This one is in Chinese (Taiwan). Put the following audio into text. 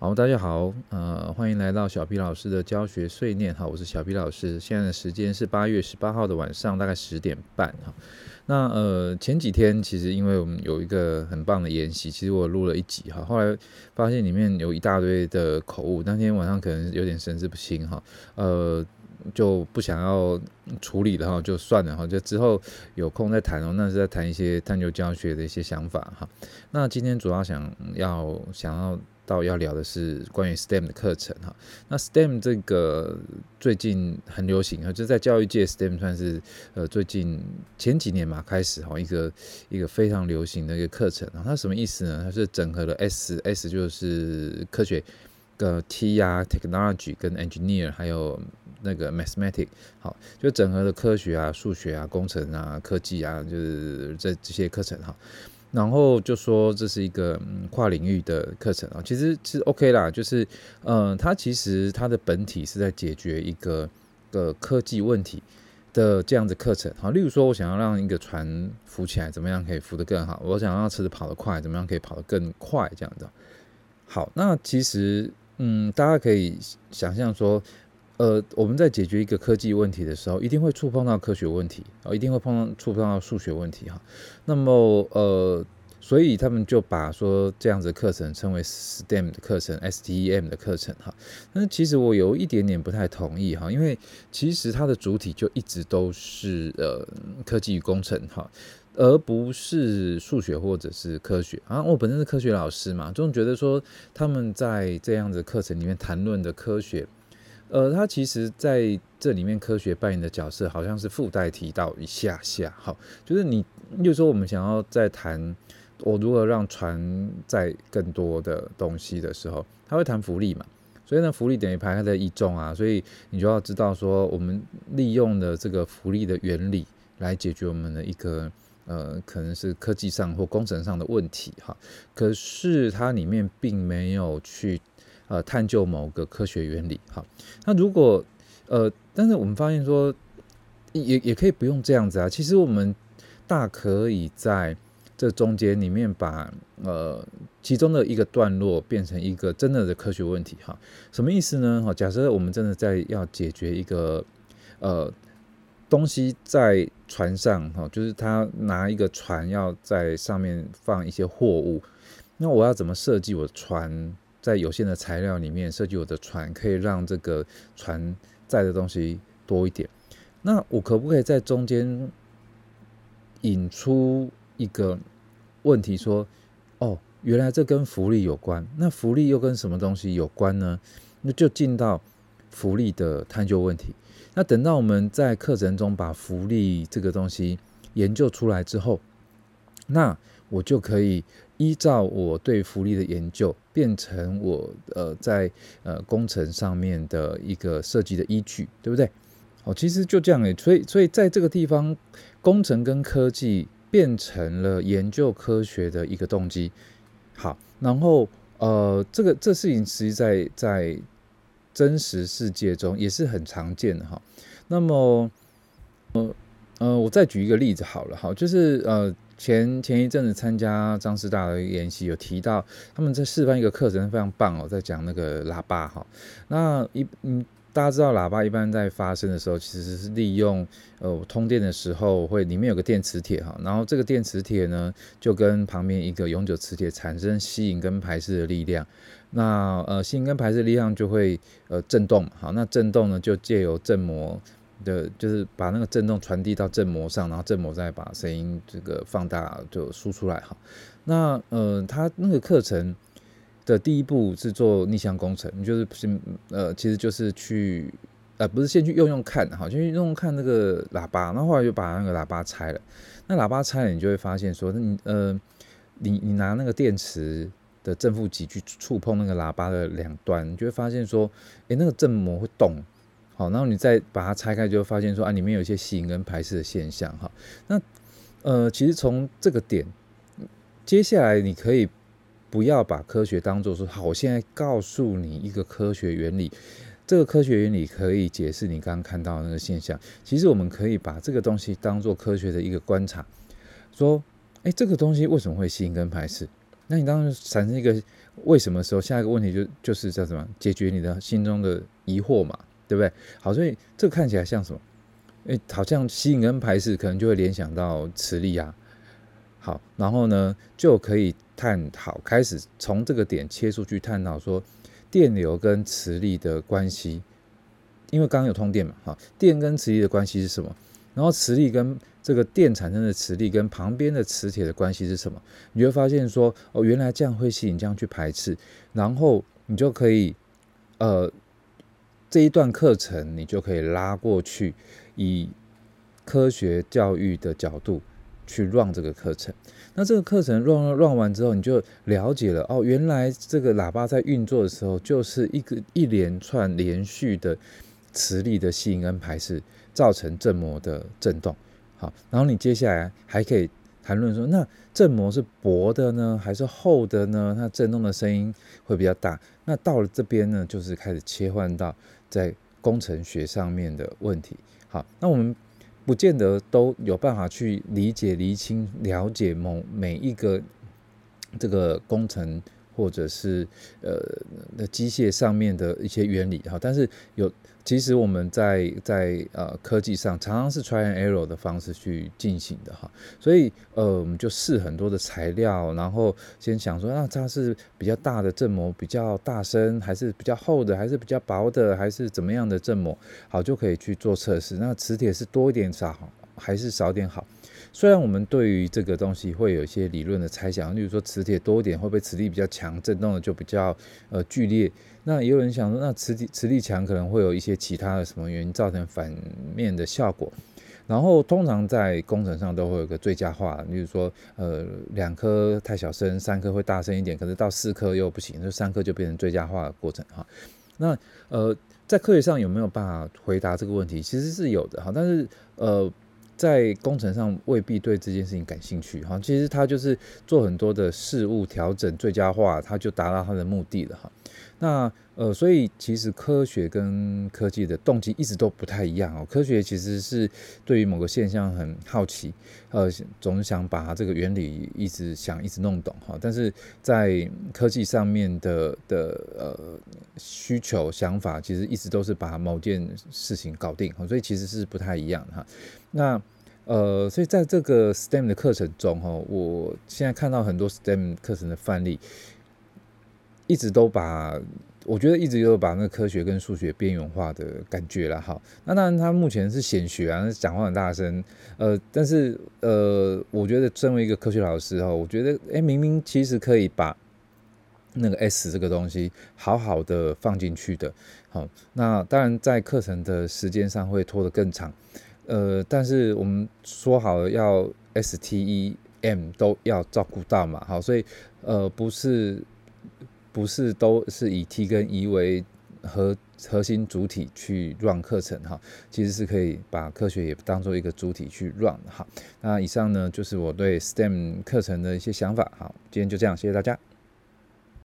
好，大家好，呃，歡迎來到小皮老師的教學碎念。哈，我是小皮老師。現在的時間是八月十八號的晚上，大概十點半哈。那呃，前幾天其實因為我們有一個很棒的研習，其實我錄了一集哈，後來發現裡面有一大堆的口誤，那天晚上可能有點神志不清哈，呃，就不想要處理了哈，就算了哈，就之後有空再談哦。那是在談一些探究教學的一些想法哈。那今天主要想要想要。到要聊的是關於 STEM 的課程哈，那 STEM 這個最近很流行啊，就在教育界，STEM 算是呃最近前幾年嘛開始哈一個一個非常流行的一個課程啊，它什麼意思呢？它是整合了 S S 就是科學跟 T 啊，technology 跟 engineer 還有那個 mathematics，好就整合了科學啊、數學啊、工程啊、科技啊，就是這這些課程哈。然後就說這是一個跨領域的課程啊，其實是 OK 啦，就是，嗯、呃，它其實它的本體是在解決一個呃科技問題的這樣子課程，好，例如說，我想要讓一個船浮起來，怎麼樣可以浮得更好？我想要車子跑得快，怎麼樣可以跑得更快？這樣的，好，那其實，嗯，大家可以想象說。呃，我們在解決一個科技問題的時候，一定會觸碰到科學問題啊，一定會碰觸碰到數學問題哈、哦。那麼，呃，所以他們就把說這樣子的課程稱為 STEM 的課程，STEM 的課程哈。那其實我有一點點不太同意哈，因為其實它的主體就一直都是呃科技與工程哈，而不是數學或者是科學啊。我本身是科學老師嘛，總覺得說他們在這樣子課程裡面談論的科學。呃，它其實在這裡面科學扮演的角色好像是附帶提到一下下，好，就是你，就說我們想要在談我如何讓船載更多的東西的時候，它會談浮力嘛，所以呢，浮力等於排開的液重啊，所以你就要知道說，我們利用的這個浮力的原理來解決我們的一個呃，可能是科技上或工程上的問題，哈，可是它裡面並沒有去。呃，探究某個科學原理。哈，那如果呃，但是我們發現說也，也也可以不用這樣子啊。其實我們大可以在這中間裡面把呃其中的一個段落變成一個真的的科學問題。哈，什麼意思呢？哈，假設我們真的在要解決一個呃東西在船上哈，就是他拿一個船要在上面放一些貨物，那我要怎麼設計我的船？在有限的材料裡面設計我的船，可以讓這個船載的東西多一點。那我可不可以在中間引出一個問題，說：哦，原來這跟浮力有關。那浮力又跟什麼東西有關呢？那就進到浮力的探究問題。那等到我們在課程中把浮力這個東西研究出來之後，那我就可以。依照我對浮力的研究，變成我呃在呃工程上面的一個設計的依據，對不對？哦，其實就這樣誒，所以所以在這個地方，工程跟科技變成了研究科學的一個動機。好，然後呃，這個這事情實際，其實在在真實世界中也是很常見的哈、哦。那麼，呃呃，我再舉一個例子好了，哈，就是呃。前前一陣子參加張師大的研習，有提到他們在示範一個課程，非常棒哦，我在講那個喇叭哈。那一嗯，大家知道喇叭一般在發聲的時候，其實是利用呃通電的時候會裡面有個電磁鐵哈，然後這個電磁鐵呢就跟旁邊一個永久磁鐵產生吸引跟排斥的力量，那呃吸引跟排斥的力量就會呃震動，好，那震動呢就借由振膜。的就是把那個振動傳遞到振膜上，然後振膜再把聲音這個放大就輸出來哈。那呃，他那個課程的第一步是做逆向工程，你就是不是呃，其實就是去呃，不是先去用用看哈，先去用用看那個喇叭，然後後來就把那個喇叭拆了。那喇叭拆了，你就會發現說那你呃，你你拿那個電池的正負極去觸碰那個喇叭的兩端，你就會發現說，誒，那個振膜會動。好，然後你再把它拆開，就發現說啊，裡面有一些吸引跟排斥的現象。哈，那呃，其實從這個點，接下來你可以不要把科學當做說，好，我現在告訴你一個科學原理，這個科學原理可以解釋你剛剛看到的那個現象。其實我們可以把這個東西當做科學的一個觀察，說，哎、欸，這個東西為什麼會吸引跟排斥？那你當時產生一個為什麼的時候，下一個問題就就是叫什麼？解決你的心中的疑惑嘛。對不對？好，所以這看起來像什麼？哎，好像吸引跟排斥，可能就會聯想到磁力啊。好，然後呢，就可以探討，開始從這個點切出去探討說，電流跟磁力的關係。因為剛剛有通電嘛，哈，電跟磁力的關係是什麼？然後磁力跟這個電產生的磁力跟旁邊的磁鐵的關係是什麼？你會發現說，哦，原來這樣會吸引，這樣去排斥。然後你就可以，呃。這一段課程你就可以拉過去，以科學教育的角度去 run 這個課程。那這個課程 run run 完之後，你就了解了，哦，原來這個喇叭在運作的時候，就是一個一連串連續的磁力的吸引跟排斥，造成振膜的震動。好，然後你接下來還可以談論說，那振膜是薄的呢，還是厚的呢？它震動的聲音會比較大。那到了這邊呢，就是開始切換到。在工程學上面的問題，好，那我們不見得都有辦法去理解、釐清、了解某每一個這個工程，或者是呃那機械上面的一些原理哈，但是有其實我們在在呃科技上常常是 try and error 的方式去進行的哈，所以呃我們就試很多的材料，然後先想說那、啊、它是比較大的振膜，比較大聲還是比較厚的，還是比較薄的，還是怎麼樣的振膜好就可以去做測試。那磁鐵是多一點少，還是少點好？雖然我們對於這個東西會有一些理論的猜想，例如說磁鐵多一點會不會磁力比較強，震動的就比較呃劇烈。那也有人想說，那磁鐵磁力強可能會有一些其他的什麼原因造成反面的效果。然後通常在工程上都會有一個最佳化，例如說呃兩顆太小聲，三顆會大聲一點，可是到四顆又不行，就三顆就變成最佳化的過程哈。那呃在科學上有沒有辦法回答這個問題？其實是有的哈，但是呃。在工程上未必對這件事情感興趣哈，其實他就是做很多的事物調整最佳化，他就達到他的目的了哈。那。呃，所以其實科學跟科技的動機一直都不太一樣哦。科學其實是對於某個現象很好奇，呃，總想把這個原理一直想一直弄懂哈。但是在科技上面的的呃需求想法，其實一直都是把某件事情搞定。所以其實是不太一樣哈。那呃，所以在這個 STEM 的課程中哈，我現在看到很多 STEM 課程的範例，一直都把。我覺得一直都有把那科學跟數學邊緣化的感覺了，好，那當然他目前是顯學啊，講話很大聲，呃，但是呃，我覺得身為一個科學老師哈，我覺得哎、欸，明明其實可以把那個 S 這個東西好好的放進去的，好，那當然在課程的時間上會拖得更長，呃，但是我們說好了要 STEM 都要照顧到嘛，好，所以呃不是。不是都是以 T 跟 E 為核核心主體去 run 課程哈，其實是可以把科學也當做一個主體去 run 哈。那以上呢就是我對 STEM 課程的一些想法哈。好，今天就這樣，謝謝大家。